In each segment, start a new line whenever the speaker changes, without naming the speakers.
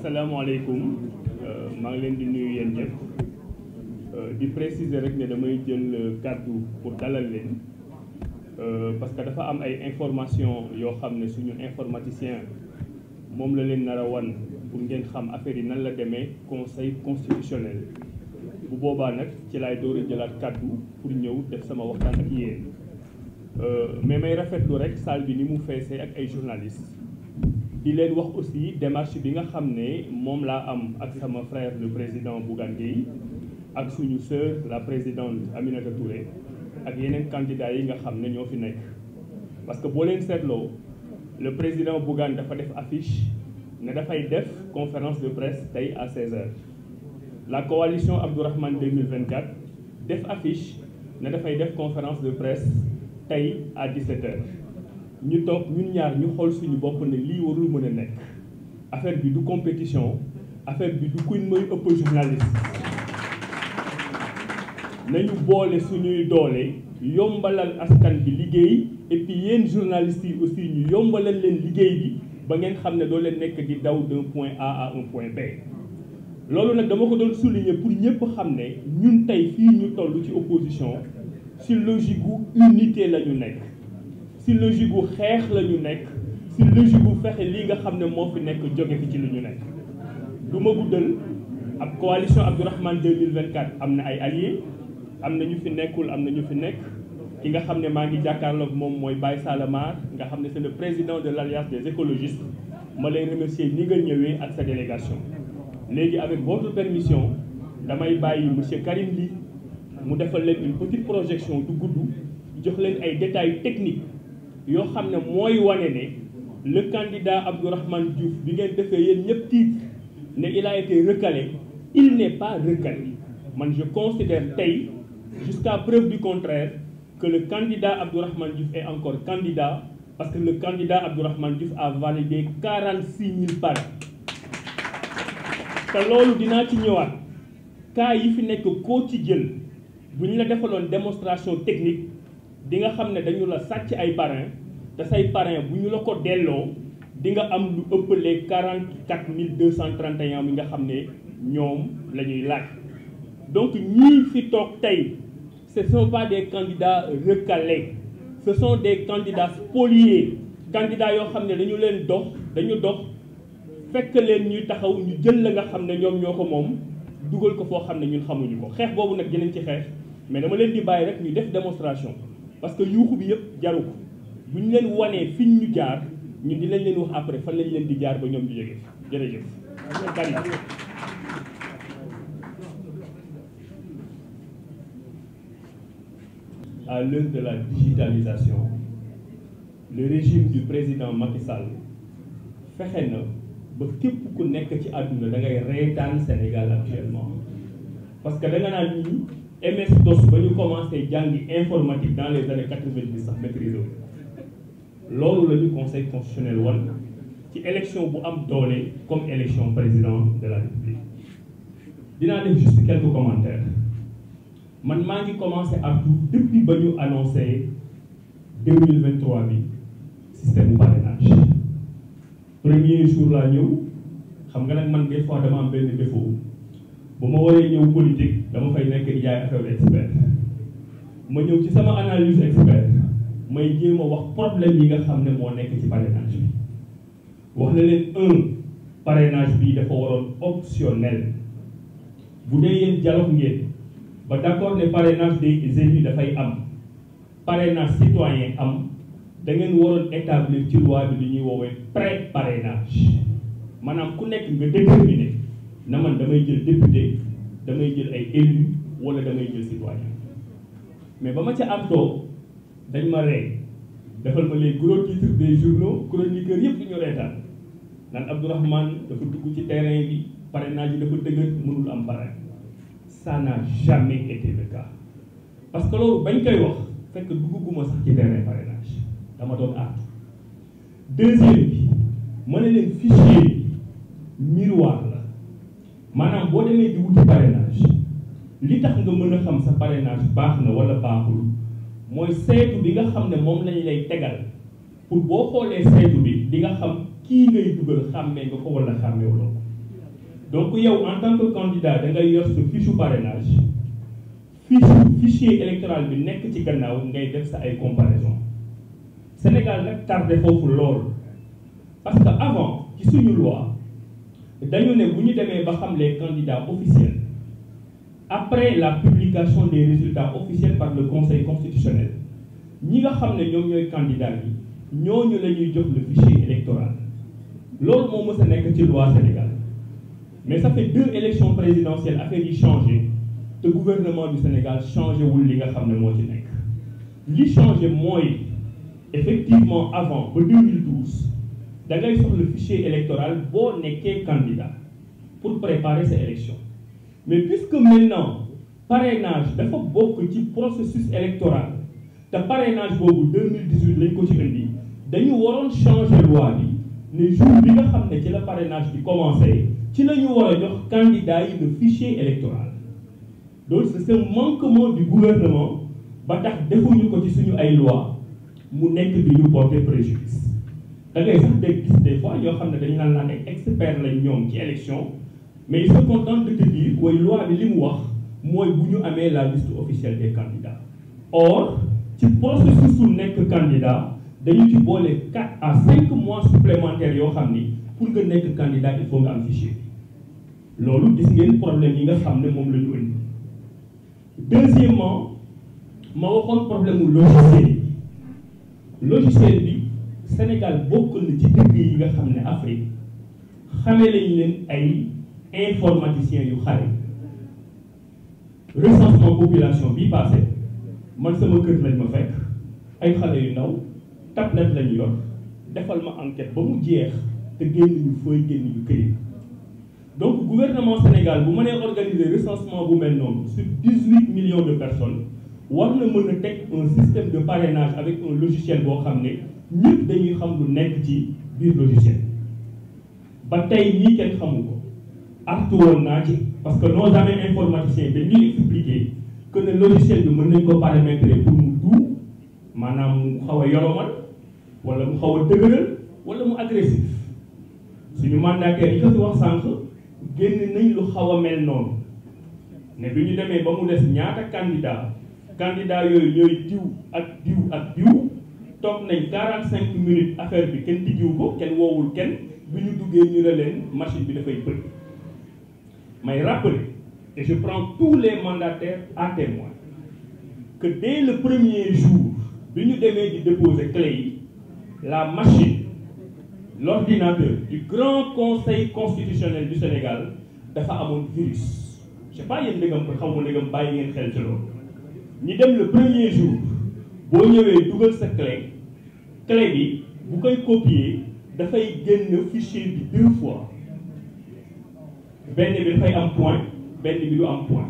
asalaamaaleykum euh, maa ngi leen di nuyu yéen ñëpp euh, di préciser rek ne damay jël euh, kàddu pour dalal leen parce que dafa am ay information yoo xam ne suñu informaticien moom la leen nar wan pour ngeen xam affaire yi nan la demee conseil constitutionnel bu boobaa nag ci laay door a jëlaat kàddu pour ñëw def sama waxtaan ak yéen mais may rafetlu rek salle bi ni mu feesee ak ay journalistes di leen wax aussi démarche bi nga xam ne moom laa am ak sama frère le président Bougane Gueye ak suñu sœur la président Aminata Touré ak yeneen candidats yi nga xam ne ñoo fi nekk. parce que boo leen seetloo le président Bougane dafa def affiche na dafay def conférence de presse tey à 16h la coalition Abdourahmane 2024 def affiche na dafay def conférence de presse tey à 17h. ñu toog ñun ñaar ñu xool suñu bopp ne lii warul mën a nekk affaire bi du compétition affaire bi du kuñ mooy ëpp journaliste nañu boole suñuy doole yombalal askan bi liggéey et puis yéen journalistes yi aussi ñu yombalal leen liggéey bi ba ngeen xam ne doo leen nekk di daw d'un point A à un B loolu nag dama ko doon souligner pour ñëpp xam ne ñun tey fii ñu toll ci opposition ci logique gu unité la ñu nekk si logique gu xeex la ñu nekk si logique bu fexe li nga xam ne moo fi nekk joge fi ci lu ñu nekk du ma guddal ab coalition Abdourahmane 2024 am na ay alliés am na ñu fi nekkul am na ñu fi nekk ki nga xam ne maa ngi jàkkaarlook moom mooy Baye Salamar nga xam ne c'est le président de l'alliance des écologistes ma lay remercier ni nga ñëwee ak sa délégation léegi avec votre permission damay bàyyi monsieur Karim Ly mu defal leen une petite projection du gudd jox leen yoo xam ne mooy wane ne le candidat Abdourahmane Diouf bi ngeen defee yéen ñëpp tiit ne il a été recalé il n'est pas recalé man je considère tey jusqu'à preuve du contraire que le candidat Abdourahmane Diouf est encore candidat parce que le candidat Abdourahmane Diouf a validé quarante-six mille parrains te loolu dinaa ci ñëwaat cas yi fi nekk ko ci jël bu ñu la defaloon démonstration technique di nga xam ne dañu la sàcc ay parrain te say parrain bu ñu la ko delloo di nga am lu ëpp les quarante quatre mille deux cent trente et un mi nga xam ne ñoom la ñuy laaj donc ñii fi toog tey ce sont pas des candidats recalés ce soo des candidats spoliés candidats yoo xam ne dañu leen dox dañu dox fekk leen ñuy taxaw ñu jël la nga xam ne ñoom ñoo ko moom dugal ko foo xam ne ñun xamuñu ko xeex boobu nag jëleen ci xeex mais dama leen di bàyyi rek ñu def démonstration parce que yuuxu bi yëpp jaru ko bu ñu leen wanee fiñ ñu jaar ñu di lañ leen wax après fan lañ leen di jaar ba ñoom di jóge jërëjëf bari à l'heure de la digitalisation le régime du président Macky fexe na ba képp ku nekk ci àdduna da ngay reetaan Sénégal actuellement parce que da nga naan MS DOS ba ñu commencé jàngi informatique dans les années quatre-vingt-dix sax maîtrise loolu la ñu conseil constitutionnel wan ci élection bu am doole comme élection président de la république dinaa def juste quelques commentaires man maa ngi commencé ak depuis ba ñu annoncé deux mille vingt trois bi système parrainage premier jour laa ñëw xam nga nag man des fois dama am benn défaut. bu ma waree ñëw politique dama fay nekk di jaay affaire expert ma ñëw ci sama analyse expert may jéem a wax problème yi nga xam ne moo nekk ci parrainage bi wax na leen un parrainage bi dafa waroon optionnel bu dee yéen dialogue ngeen ba d'accord ne parrainage des élus dafay am parrainage citoyen am da ngeen waroon établir ci loi bi li ñuy woowee pré parrainage maanaam ku nekk nga déterminer na man damay jël député damay jël ay élu wala damay jël citoyen mais ba ma ci am too dañ ma rey defal ma les gros titres des journaux chroniqueurs yëpp di ñu reetaan naan Abdourahmane dafa dugg ci terrain bi parrainage yi dafa dëgër mënul am parrain ça n'a jamais été le cas parce que loolu bañ koy wax fekk dugguma sax ci terrain parrainage dama doon àttu deuxième bi ma ne leen fichier miroir la maanaam boo demee di wuti parrainage li tax nga mën a xam sa parrainage baax na wala baaxul mooy saytu bi nga xam ne moom lañ lay tegal pour boo xoolee saytu bi di nga xam kii ngay dugal xàmmee nga ko wala xàmmee wala ko donc yow en tant que candidat da ngay yor sa fiche parrainage fiche fichier électoral bi nekk ci gannaaw ngay def sa ay comparaison Sénégal nag tardé foofu lool parce que avant ci suñu loi dañu ne bu ñu demee ba xam les candidats officiels après la publication des résultats officiels par le conseil constitutionnel ñi nga xam ne ñoom ñooy candidats yi ñooñu la ñuy jox le fichier électoral loolu moo mës a nekk ci loi Sénégal mais ça fait deux élections présidentielles affaire yi changé te gouvernement du Sénégal changé wul li nga xam ne moo ci nekk li changé mooy effectivement avant ba da ngay soxla fichier électoral boo nekkee candidat pour préparer sa élection mais puisque maintenant parrainage dafa bokk ci processus électoral te parrainage boobu 2018 lañ ko ci indi dañu waroon changer loi bi ne jour bi nga xam ne ci la parrainage bi commencé ci la ñu war a jox candidat yi le fichier électoral donc c'est un manquement du gouvernement ba tax defuñu ko ci suñu ay loi mu nekk di ñu porter préjudice da ngay sax gis des yoo xam ne dañu naan laan ay expert lañ ñoom ci élection mais ils se contentent de te dire li mu wax mooy bu ñu amee la liste officielle des candidats or ci processus su nekk candidat dañu ci boole 4 à 5 mois supplémentaires yoo xam ni pour nga nekk candidat il faut nga am fichier loolu gis ngeen problème yi nga xam ne moom la ñu indi deuxièmement ma waxoon problème mu bi logiciel bi Sénégal bokk na ci dëkk yi nga xam ne Afrique xamee lañu leen ay informaticiens yu xare recensement population bi passé man sama kër lañ ma fekk ay xale yu ndaw tablette lañu yor defal ma enquête ba mu jeex te génn ñu fooy génn ñu këyit donc gouvernement Sénégal bu mënee organiser recensement bu mel noonu sur dix-huit millions de personnes wax na mën a teg un système de parrainage avec un logiciel boo xam ne ñëpp dañuy xam lu nekk ci biir logiciel ba tey lii kenn xamu ko artu woon naa ci parce que nos amis informaticiens dañuy expliquer que ne logiciel bi mën nañ ko paramétrer pour mu duub maanaam mu xaw a yoromal wala mu xaw a dëgëral wala mu agressif suñu mandataire yi ko fi wax sànq génn nañ lu xaw a mel noonu ne bi ñu demee ba mu des ñaata candidat candidat yooyu ñooy diw ak diw ak diw toog nañ cinq minutes affaire bi kenn diggiw ko kenn woowul kenn bi ñu duggee ñu ne leen machine bi dafay bëgg may rappeler et je prends tous les mandataires à témoin que dès le premier jour bi ñu demee di déposer clé yi la machine l'ordinateur du grand conseil constitutionnel du Sénégal dafa amoon virus je sais pas yéen ndegam xaw ma ndegam bàyyi ngeen xel ci loolu ñi dem le premier jour boo ñëwee dugal sa clé clé bu koy copier dafay génn fichier bi deux fois benn bi dafay am point benn bi du am point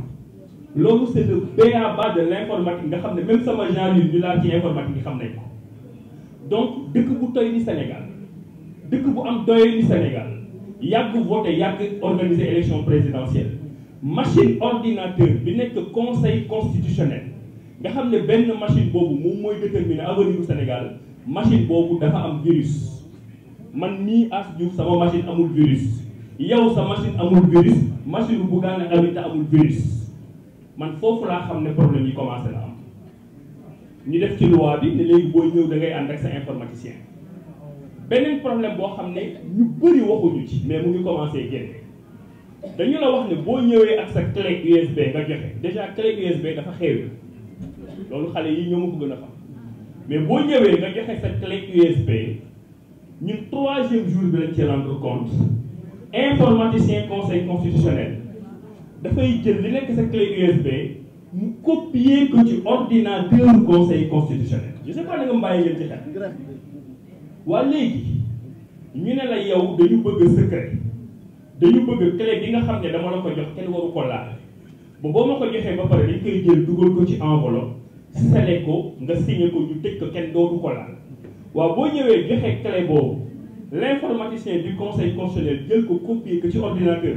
loolu c'est le b.a.-ba de l'informatique nga xam ne même sama genre yu ñu laa ci informatique yi xam nañ ko donc dëkk bu toy ni Sénégal dëkk bu am doyee ni Sénégal yàgg voté yàgg organiser élection présidentielle machine ordinateur bi nekk conseil constitutionnel nga xam ne benn machine boobu moom mooy déterminer avenir bu Sénégal machine boobu dafa am virus man nii as Diouf sama machine amul virus yow sa machine amul virus machine bu Bougane Gueye Dany amul virus man foofu laa xam ne problème yi commencé na am ñu def ci loi bi ne léegi booy ñëw da ngay ànd ak sa informaticien beneen problème boo xam ne ñu bëri waxuñu ci mais mu ngi commencé génne dañu la wax ne boo ñëwee ak sa clé USB nga joxe déjà clé USB dafa xew loolu xale yi ñoo ma ko gën a xam mais boo ñëwee nga joxe sa clé USB ñun troisième jour bi la ci rendre compte informaticien conseil constitutionnel dafay jël li nekk sa clé USB mu copier ko ci ordinateur conseil constitutionnel je sais pas da nga mbàyyi yéen ci xel waa léegi ñu ne la yow dañu bëgg secret dañu bëgg clé bi nga xam ne dama la ko jox kenn waru ko laal ba boo ma ko joxee ba pare dañ koy jël dugal ko ci enveloppe sale ko nga signé ko ñu tëj ko kenn dootu ko laal waaw boo ñëwee joxe clé boobu l' informaticien conseil constitutionnel jël ko copier ko ci ordinateur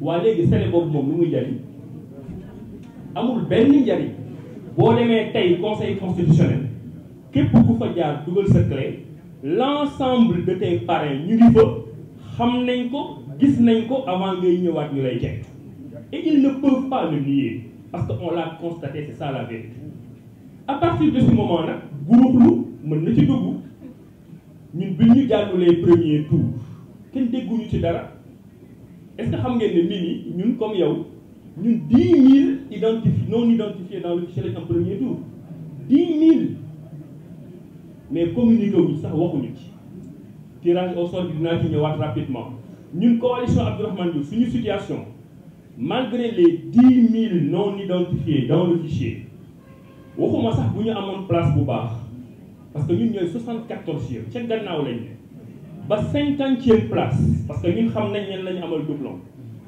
waa léegi sale boobu moom lu muy jariñ amul benn njariñ boo demee tey conseil constitutionnel képp ku fa jaar dugal sa clé l' de tes parrains ñu ngi fa xam nañ ko gis nañ ko avant ngay ñëwaat ñu lay teg et ils ne peuvent pas parce que on l'a constaté c' est la vérité à partir de ce moment nag guruxlu mën na ci dugg ñun bi ñu jàllulee premier tour kenn dégguñu ci dara est-ce que xam ngeen ne Mimi ñun comme yow ñun dix mille identifiés non identifiés dans le fichier en premier tour dix mille mais communiqué wuñ sax waxuñu ci tirage au sort bi dinaa ci ñëwaat rapidement ñun coalition Abdourahmane Diouf suñu situation malgré les dix mille non identifiés dans le fichier waxuma sax bu ñu amoon place bu baax parce que ñun ñooy soixante-quatorzième ca gannaaw lañ ne ba cinquantième place parce que ñun xam nañ leen lañu amal doublon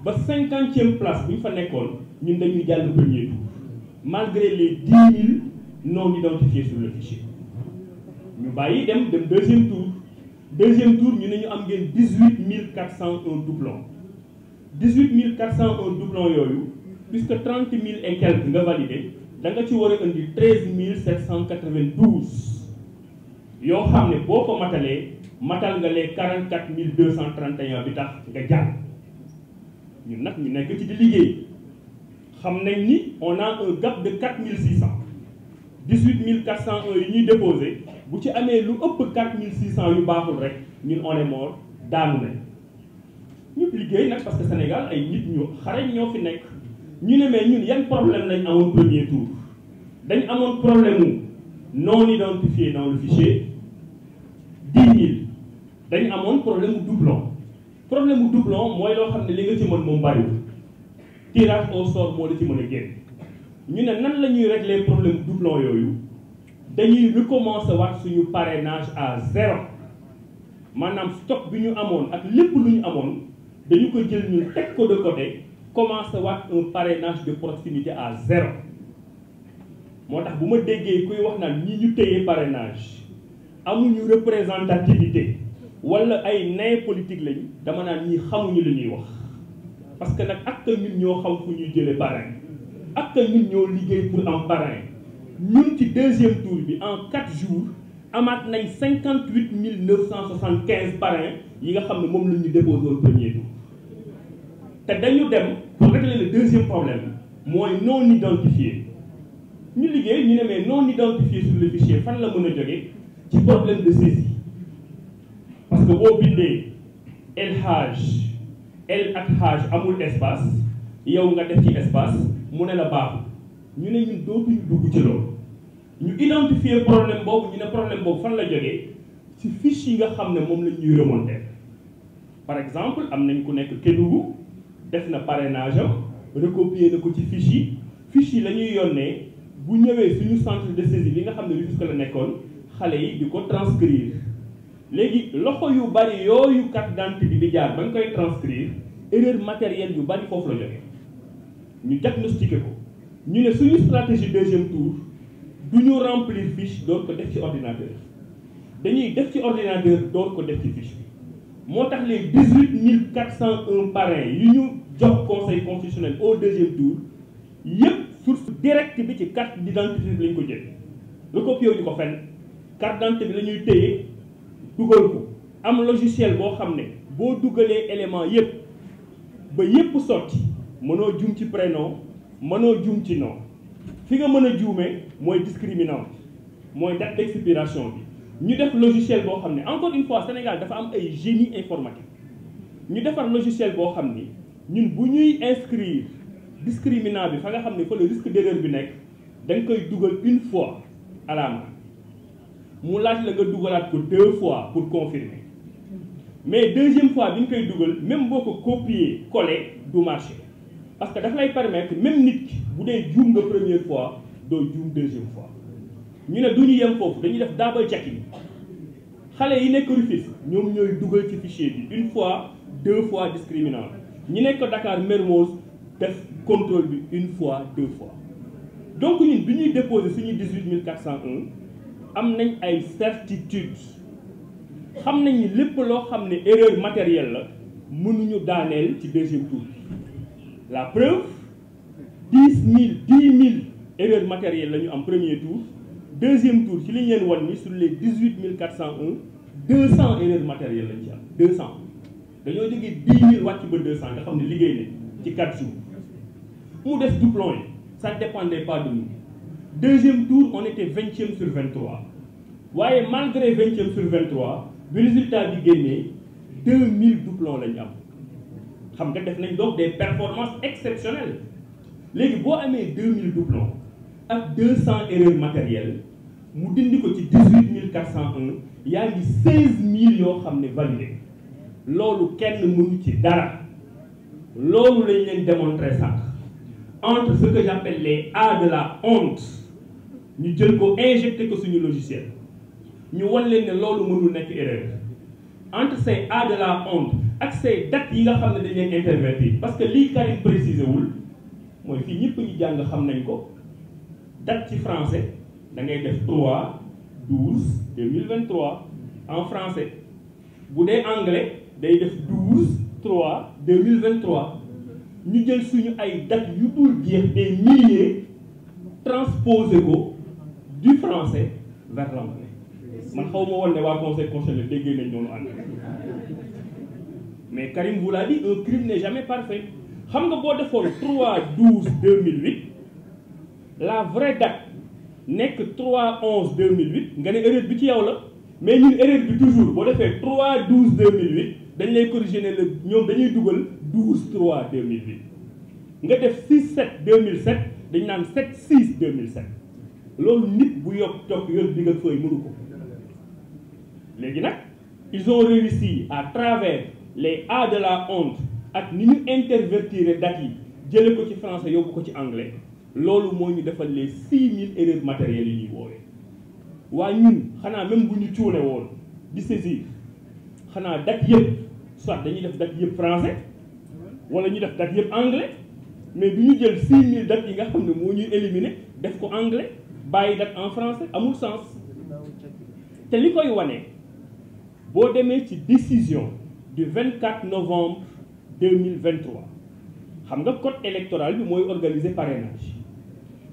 ba cinquantième place bu ñu fa nekkoon ñun dañuy jàll premier tour malgré les dix mille non identifiés sur le fichier ñu bàyyi dem dem deuxième tour deuxième tour ñu ne ñu am ngeen dix-huit mille quatre cent un doublon dix-huit mille quatre cent un doublon yooyu puisque trente mille et quelques nga validé da nga ci war a indi treize mille sept cent quatre-vingt-douze yoo xam ne boo ko matalee matal nga les quarante quatre mille deux cent trente et un bi tax nga jàll ñun nag ñu nekk ci di liggéey xam nañ ni on a un gap de quatre mille six cent dix-huit mille quatre cent un yi ñuy déposé bu ci amee lu ëpp quatre mille six cent yu baaxul rek ñun on est mort daanu nañ ñu liggéey nag parce que Sénégal ay nit ñu xarañ ñoo fi nekk ñu ne mais ñun yan problème lañ amoon premier tour dañ amoon problème mu non identifié dans le fichier dix mille dañ amoon problème mu doublon problème mu doublon mooy loo xam ne li nga ci mën moom bariwul tirage au sort moo la ci mën a génn ñu ne nan la ñuy régler problème doublon yooyu dañuy recommencer waat suñu parenage à zéro maanaam stock bi ñu amoon ak lépp lu ñu amoon dañu ko jël ñu teg ko de côté commencer waat un parrainage de proximité à zéro moo tax bu ma déggee kuy wax naa ñi ñu téye parrainage amuñu représentativité wala ay nay politique lañu dama naan ñi xamuñu li ñuy wax parce que nag ak que ñun ñoo xam fu ñuy jëlee parrain ak que ñun ñoo liggéey pour am parrain ñun ci deuxième tour bi en quatre jours amaat nañ cinquante huit mille neuf cent soixante quinze parrains yi nga xam ne moom la ñu déposé au premier te dañu dem pour régler le deuxième problème mooy non identifié. ñu liggéey ñu ne mais non identifié sur le fichier fan la mën a jógee ci problème de saisie parce que boo bindee El Hadj El ak Hadj amul espace yow nga def ci espace mu ne la baaxul ñu ne ñun dootuñu dugg ci loolu ñu identifier problème boobu ñu ne problème boobu fan la jógee ci fiche yi nga xam ne moom lañ ñuy remonter par exemple am nañ ku nekk Kédougou def na parrainage am recopier na ko ci fiche yi fiche yi la ñuy yónnee bu ñëwee suñu centre de saisie bi nga xam ne Rufisque la nekkoon xale yi di ko transcrire léegi loxo yu bari yooyu carte d'identité bi di jaar ba ñu koy transcrire erreur matérielle yu bari foofu la jógee ñu diagnostiqué ko ñu ne suñu stratégie deuxième tour du ñu remplir fiche door ko def ci ordinateur dañuy def ci ordinateur door ko def ci fiche bi moo tax les dix huit mille quatre cent un parrains yu ñu jox conseil constitutionnel au deuxième tour yépp source directe bi ci carte d'identité bi lañ ko jël recopié wu ko fenn carte d'identité bi la ñuy téye dugal ko am logiciel boo xam ne boo dugalee élément yépp ba yépp sotti mënoo juum ci prénom mënoo jum ci nom fi nga mën a juumee mooy discriminant mooy date d'expiration bi ñu def logiciel boo xam ne encore une Sénégal dafa am ay génie informatique ñu defar logiciel boo xam ni ñun bu ñuy inscrire discriminant bi fa nga xam ne fa le risque d'erreur bi nekk da koy dugal une fois à la mu laaj la nga dugalaat ko deux fois pour confirmer mais deuxième fois bi ñu koy dugal même boo ko copier coller du marché parce que dafa lay permettre même nit bu dee juum nga première fois doo juum deuxième fois ñu ne du ñu yem foofu dañuy def double checking xale yi nekk Rufisque ñoom ñooy dugal ci fichier bi une fois deux fois ñu ñi nekk Dakar Mermoz def contrôle bi une fois deux fois donc ñun bi ñuy déposé suñu dix mille 18 on am nañ ay certitude xam nañ lépp loo xam ne erreur matérielle la mënuñu daaneel ci deuxième tour bi la preuve dix mille dix mille erreur matérielle la ñu am premier tour deuxième tour ci li ñu leen wan ni sur les 18 401 200 erreurs matériel lañ ci am 200 dañoo jógee 10 000 wàcc ba 200 nga xam ne liggéey nañ ci 4 jours. mu des doublon yi ça ne dépendait pas de nous deuxième tour on était vingtième sur vingt trois waaye malgré vingtième sur vingt trois bi résultat bi génnee deux mille doublons lañu am xam nga def nañ donc des performances exceptionnelles léegi boo amee deux mille doublons ak deux cent erreurs matérielles mu dindi ko ci dix-huit mille quatre cent un yaa ngi seize mille yoo xam ne validé loolu kenn mënu ci dara loolu lañ leen démontrer sànq entre ce que j'appelle les A de la honte ñu jël ko injecté ko suñu logiciel ñu wan leen ne loolu mënul nekk erreur entre ces A de la honte ak ces dates yi nga xam ne dañ leen interverti parce que lii Karim précisé wul mooy fii ñëpp ñu jàng xam nañ ko date ci français da ngay def 3 12 trois en français bu dee anglais day def 12 3 2023. ñu jël suñu ay date yu dul jeex des milliers transposé ko du français vers l'anglais man xaw ma woon ne waa conseil constitutionnel déggee nañ noonu anglais mais Karim vous l'a dit un crime n'est jamais parfait xam nga boo defoon 3 12 2008 la vraie date nekk 3 11 2008 nga ne erreur bi ci yow la mais ñun erreur bi toujours boo defee 3 mille 2008 dañ lay corriger ne la ñoom dañuy dugal. 12 3 2008 nga def 6 7 2007 dañ naan 7 6 2007 loolu nit bu yokk toog yor bi nga fëy mënu ko léegi nag ils ont réussi à travers les A de la honte ak ni ñu intervertire date yi jële ko ci français yóbbu ko ci anglais loolu moo ñu defal les mille erreurs matériel yi ñuy woowee waaye ñun xanaa même bu ñu cuune woon di saisir xanaa date yëpp soit dañuy def date yëpp français wala ñu def date yëpp anglais mais bi ñu jël 6000 dates yi nga xam ne moo ñuy éliminer def ko anglais bàyyi date en français amul sens te li koy wane boo demee ci décision du 24 novembre 2023 xam nga code électoral bi mooy organiser parrainage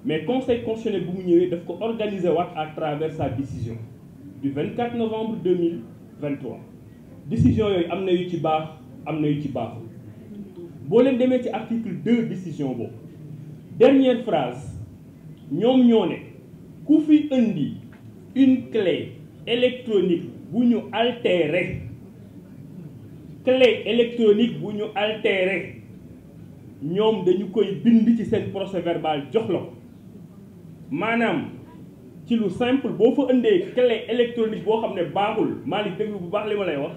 mais conseil constitutionnel bu mu ñëwee daf ko organiser waat à travers sa décision du 24 novembre 2023 décision yooyu am na yu ci baax am na yu ci baaxul boo leen demee ci article deux décision boobu dernière phrase ñoom ñoo ne ku fi indi une clé électronique bu ñu altéré clé électronique bu ñu altéré ñoom dañu koy bind ci seen procès verbal jox la maanaam ci lu simple boo fa indee clé électronique boo xam ne baaxul Malick déglu bu baax li ma lay wax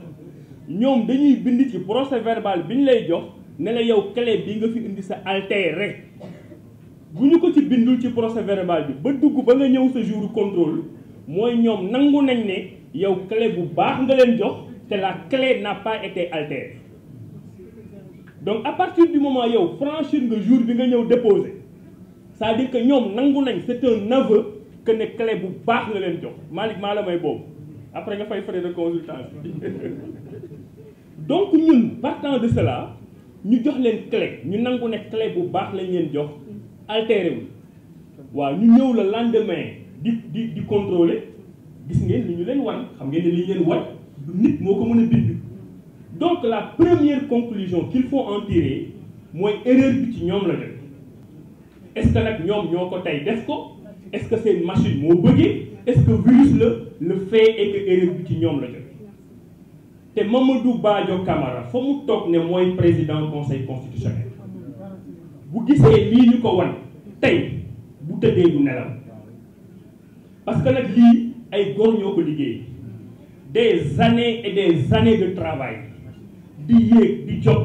ñoom dañuy bind ci procès verbal bi ñu lay jox ne la yow clé bi nga fi indi sa rek bu ñu ko ci bindul ci procès verbal bi ba dugg ba nga ñëw sa jour contrôle mooy ñoom nangu nañ ne yow clé bu baax nga leen jox te la clé n'a pas été altérée donc à partir du moment yow franchir nga jour bi nga ñëw déposé c'est-à-dire que ñoom nangu nañ c'est un aveu que ne clé bu baax nga leen jox Malick maa la may boobu après nga fay frais de consultation donc ñun partant de cela ñu jox leen clé ñu nangu ne clé bu baax lañ leen jox altéré wu waaw ñu ñëw la lendemain di di di contrôler gis ngeen li ñu leen wan xam ngeen ne li ñu leen wan nit moo ko mën a bind donc la première conclusion qu'il faut en tirer mooy erreur bi ci ñoom la def est nag ñoom ñoo ko tey des ko est-ce que seen machine moo bëggee est-ce virus la le fait est que bi ci ñoom la def te Mamadou Badio Camara fa mu toog ne mooy président conseil constitutionnel bu gisee lii ñu ko wan tey bu tëddee du nelaw parce que nag lii ay góor ñoo ko liggéey des années et des années de travail di yéeg di jóg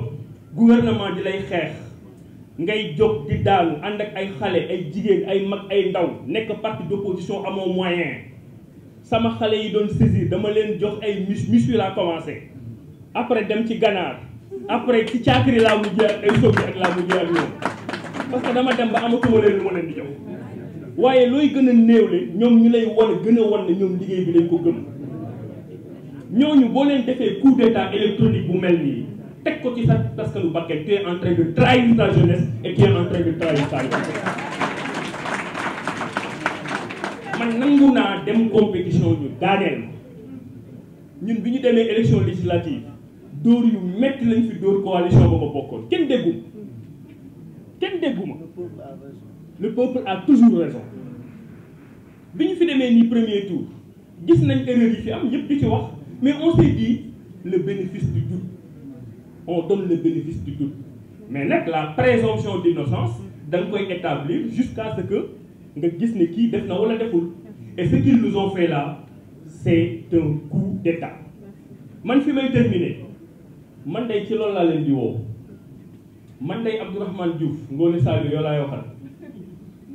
gouvernement di lay xeex ngay jóg di daal ànd ak ay xale ay jigéen ay mag ay ndaw nekk parti d'opposition amoo moyen sama xale yi doon saisir dama leen jox ay mus musu laa commencé après dem ci ganaar après ci caakiri laa mujjee ak ay sobi ak laa mujjee ak ñoom parce que dama dem ba amatuma leen lu ma leen di jox waaye looy gën a néewle ñoom ñu lay wan gën a wan na ñoom liggéey bi dañ ko gëm ñooñu boo leen defee coup d'état électronique bu mel nii teg ko ci sa taskalu bakket tu es en train de trahir jeunesse et tu es en train de trahir ta man nangu naa dem compétition ñu daaneel ñun bi ñu demee élection législative dóor yu métti lañu fi dóor coalition ba ma bokkoon kenn déggu kenn déggu ma le peuple a toujours raison bi ñu fi demee nii premier tour gis nañ erreur yi fi am ñëpp di ci wax mais on s'est dit le bénéfice du doute on donne le bénéfice du doute mais nag la présomption d'innocence da nga koy établir jusqu'à ce que nga gis ni kii def na walla deful et ce qu'ils nous ont fait là coup d'état man fi may terminer man day ci loolu laa leen di woo man day Abdourahmane Diouf Ngoné Saliou yoo laay waxal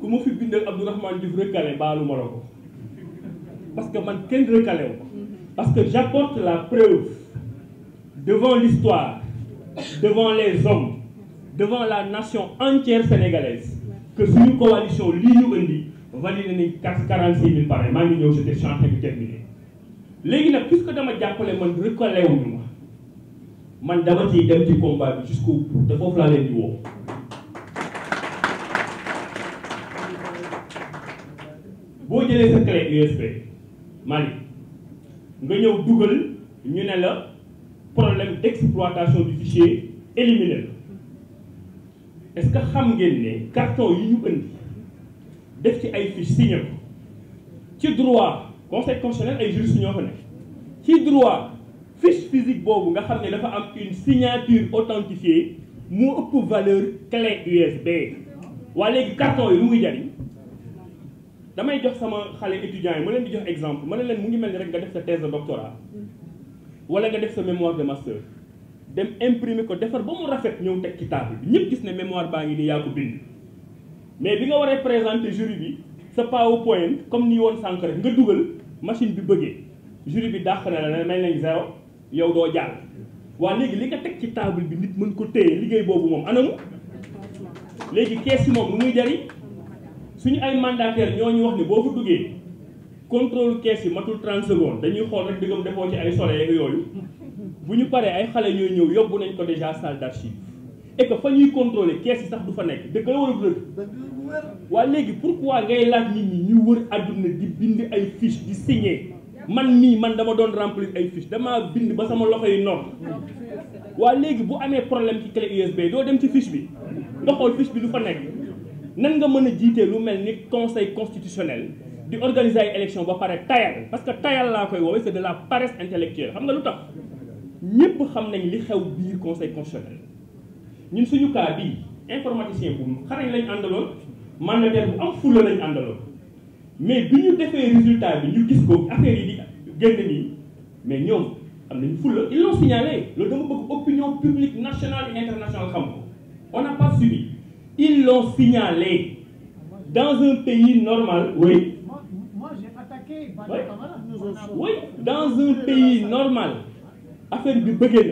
ku mu fi bindal Abdourahmane Diouf recalé baalu ma la ko parce que man kenn recalé wu parce que j'apporte la preuve devant l'histoire devant les hommes devant la nation entière sénégalaise que suñu coalition lii ñu indi validé nañ quarante six mille parrains maa ngi ñëw j'étais en train de terminer léegi nag puisque dama jàppale man récolté wuñu ma man dama ciy dem ci combat bi te foofu laa leen di woo boo jëlee sa clé USB Mali nga ñëw dugal ñu ne la problème exploitation du fichier éliminé la est-ce que xam ngeen ne carton yi ñu indi def ci ay fiches signé ko ci droit conseil constitutionnel ay juristes ñoo fa nekk ci droit fiche physique boobu nga xam ne dafa am une signature authentifiée moo ëpp valeur clé USB waa léegi carton yi lu muy jariñ damay jox sama xale étudiants yi ma leen di jox exemple ma ne leen mu ngi mel ni rek nga def sa thèse de doctorat wala nga def sa mémoire de master dem imprimer ko defar ba mu rafet ñëw teg ci table bi ñëpp gis ne mémoire baa ngi nii yaa ko bind mais bi nga waree présenter jury bi sa PowerPoint comme ni woon sànq rek nga dugal machine bi bëggee jury bi dàq na la ne may nañ zéro yow doo jàll waa léegi li nga teg ci table bi nit mën ko téye liggéey boobu moom anamu léegi kees yi moom lu muy jariñ suñu ay mandataire ñoo ñu wax ni boo fa duggee contrôle kes yi matul 30 secondes dañuy xool rek diggam defoo ci ay solee yooyu bu ñu paree ay xale ñooy ñëw yóbbu nañ ko déjà salle d'archive que fa ñuy contrôler kees yi sax du fa nekk dëgg la wala du
dëgg
waa léegi pourquoi ngay laaj nit ñi ñu wër àdduna di bind ay fiche di signer man mii man dama doon remplir ay fiche damaa bind ba sama loxo yi noor waa léegi bu amee problème ci clé USB doo dem ci fiche bi nga xool fiche bi du fa nekk nan nga mën a jiitee lu mel ni conseil constitutionnel di organiser ay élection ba pare tayal parce que tayal laa koy woowee c'est de la paresse intellectuelle xam nga lu tax ñépp xam nañ li xew biir conseil constitutionnel ñun suñu cas bii informaticien bu xarañ lañ àndaloon mandataire bu am fulla lañ àndaloon mais bi ñu defee résultat bi ñu gis ko affaire yi di génn bi mais ñoom am nañ fulla ils l'ont signalé loolu dama bëgg opinion publique nationale et internationale xam ko on n'a pas subi ils l'ont dans un pays normal
oui oui dans un pays
normal affaire bi bëggee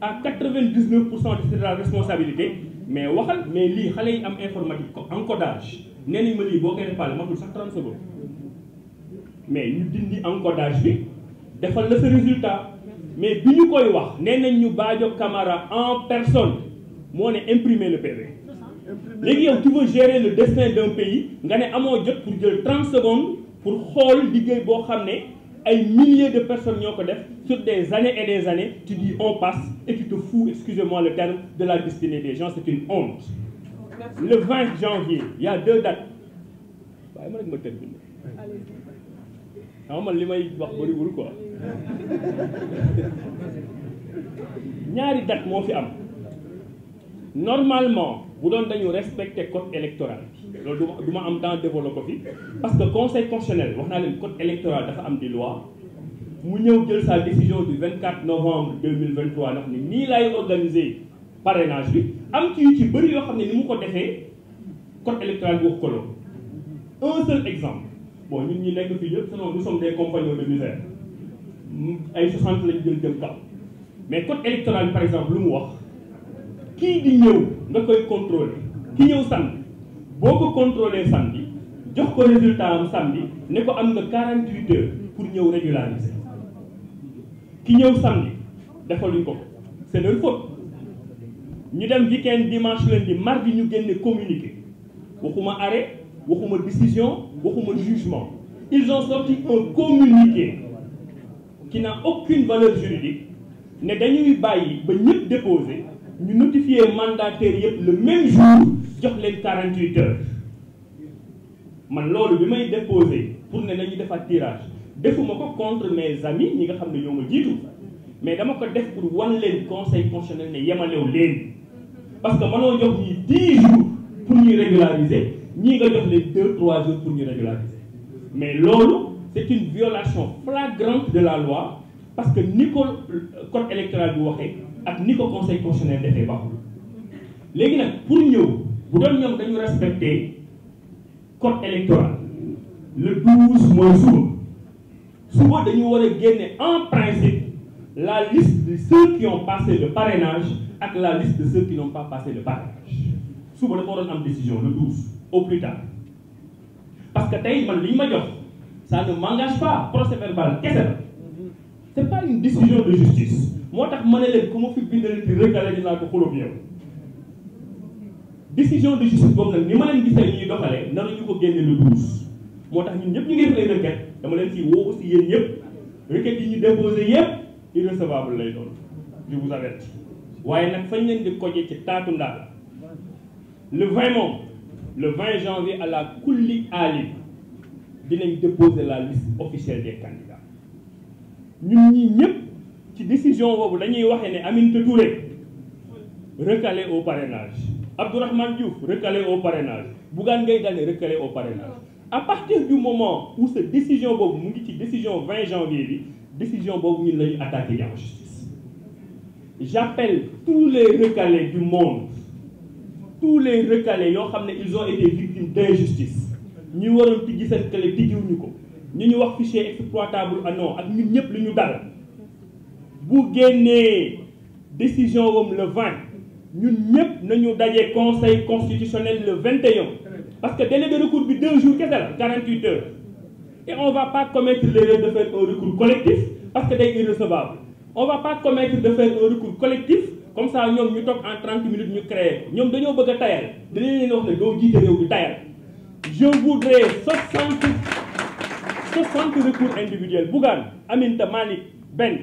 na à quatre-vingt-dix-neuf pour cent de la responsabilité mais waxal mais lii xale yi am informatique ko encodage nee nañ ma lii boo koy defaale matul sax 30 secondes mais ñu dindi encodage bi defal la sa résultat mais bi ñu koy wax nee nañ ñu Badio Camara en personne moo ne imprimer le PV léegi yow tu veux gérer le destin d'un pays nga ne amoo jot pour jël 30 secondes pour xool liggéey boo xam ne ay milliers de personnes ñoo ko def sur des années et des années tu dis on passe et fou te fous le terme de la destinée des gens c'est une honte le 20 janvier il y a deux dates waaye ma rek ma terminer xam man li may wax bëriwul ko ñaari date moo fi am normalement bu doon dañu respecter code électoral loolu du du ma am temps développé ko fi parce que conseil constitutionnel wax naa leen code électoral dafa am di loi mu ñëw jël sa décision du 24 novembre 2023 ndax ni nii laay organiser parrainage bi am ci yu ci bëri yoo xam ne ni mu ko defee code électoral bi wax un seul exemple bon ñun ñi nekk fii yëpp sinon nous sommes des compagnons de misère ay 60 lañ jël jëm kaw mais code électoral par exemple lu mu wax kii di ñëw nga koy contrôler ki ñëw sànn boo ko contrôlé samedi jox ko résultat am samedi ne ko am nga 48 heures pour ñëw régulariser ki ñëw samedi defaluñ ko c'est leur faute ñu dem week-end dimanche lundi mardi ñu génne communiqué waxuma arrêt waxuma décision waxuma jugement ils ont sorti un communiqué qui n'a aucune valeur juridique ne dañuy bàyyi ba ñëpp déposé ñu notifier mandataire yëpp le même jour jox leen 48 heures man loolu bi may déposé pour ne nañu defaat tirage ma ko contre mes ñi nga xam ne ñoo ma jiitu mais dama ko def pour wan leen conseil constitutionnel ne yemalew leen parce que mënoo jox ñi 10 jours pour ñuy régulariser ñii nga jox leen 2 trois jours pour ñuy régulariser mais loolu c'est une violation flagrante de la loi parce que ni ko code électoral bi waxee ak ni ko conseil constitutionnel defee baaxul léegi nag pour bu doon ñoom dañu respecté code électoral le douze mooy suba suba dañu war a génne en principe la liste de ceux qui ont passé le parrainage ak la liste de ceux qui n'ont pas passé le parrainage suba dafa waroon am décision le douze au plus tard parce que tey man li ñu ma jox ça ne m'engage pas procès verbal kese la c'est pas une décision de justice moo tax ma ne leen ku ma fi bindal ci rëkkale dinaa ko xulóom yow décision de justice boobu nag ni ma leen gisee ñuy doxalee nana ñu ko génne le douze moo tax ñun ñëpp ñu ngi def dama leen ci woo aussi yéen ñëpp requête yi ñu déposé yëpp irrecevable lay doon je vous avertis waaye nag fañ leen di koje ci taatu ndaal le 20 moom le janvier à la kulli ali dinañ déposer la liste officielle des candidats ñun ñi ñëpp ci décision boobu dañuy waxee ne Aminata Touré recalé au parrainage Abdourahmane Diouf recalé au parrainage Bougane Gueye Dany recalé au parrainage à partir du moment où cette décision boobu mu ngi ci décision 20 janvier bi décision boobu ñun lañu attaqué yi en justice j'appelle tous les recalés du monde tous les recalés yoo xam ne ils ont été victimes d'injustice ñu waroon tijji seen clé tijjiwuñu ko ñu ñu wax fichier exploitable ah non ak ñun ñëpp li ñu dal bu génnee décision wam le 20 ñun ñëpp nañu daje conseil constitutionnel le 21 parce que délai de recours bi deux jours kese la 48 heures et on va pas commettre l'erreur de faire un recours parce que day irrecevable on va pas commettre de faire un recours comme ça ñoom ñu toog en 30 minutes ñu créé ñoom dañoo bëgg a tayal dañu leen wax ne doo jiite réew du tayal je voudrais 60 60 recours individuels Bougane Aminta Malick Ben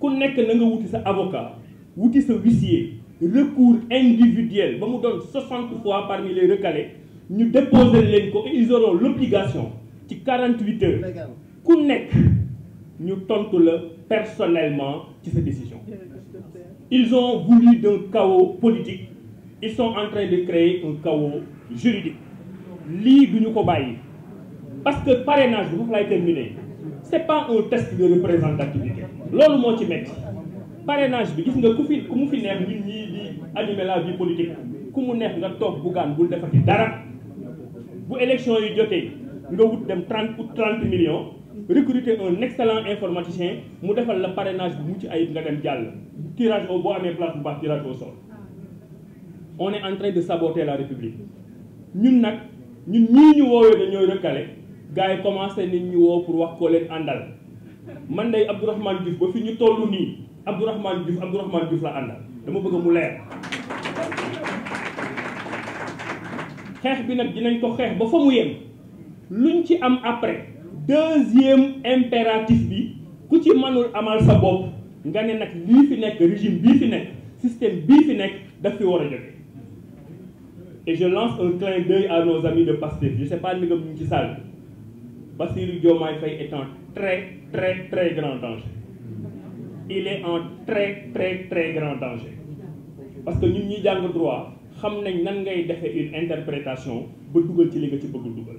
ku nekk na nga wuti sa avocat wuti sa huissier recours individuel ba mu doon 60 fois parmi les recalés ñu déposer leen ko et ils auront l'obligation ci 48 heures ku nekk ñu tontu la personnellement ci sa décision ils ont voulu d'un chaos politique ils sont en train de créer un chaos juridique lii duñu ko bàyyi parce que parrainage bi foofu lay terminer c'est pas un test de représentativité loolu moo ci metti parrainage bi gis nga ku fi ku mu fi neex ñun ñii di animer vie politique ku mu neex nga toog Bougane bul defati dara bu élection yi jotee nga wut dem trente ou trente millions recruter un excellent informaticien mu defal la parrainage bu mucc ayib nga dem jàll tirage au boo amee place bu baax tirage au sort on est de saboter la république ñun nag ñun ñii ñu woowee dañooy recalé gars yi commencé nit ñu woo pour wax koo leen àndal man de Abdourahmane Diouf ba fi ñu toll nii Abdourahmane Diouf Abdourahmane Diouf la àndal dama bëgg mu leer xeex bi nag dinañ ko xeex ba fa mu yem luñ ci am après deuxième impératif bi ku ci mënul amal sa bopp nga ne nag lii fi nekk régime bii fi nekk système bii fi nekk daf fi war a jóge et je lance un clin d'œil à nos amis de Pastef je sais pas ni nga ci salle bi Bassirou Diomaye Faye est un très très très grand danger il est en très très très grand danger parce que ñun ñuy jàng
droit xam nañ nan ngay defee une interprétation ba dugal ci li nga ci bëgg dugal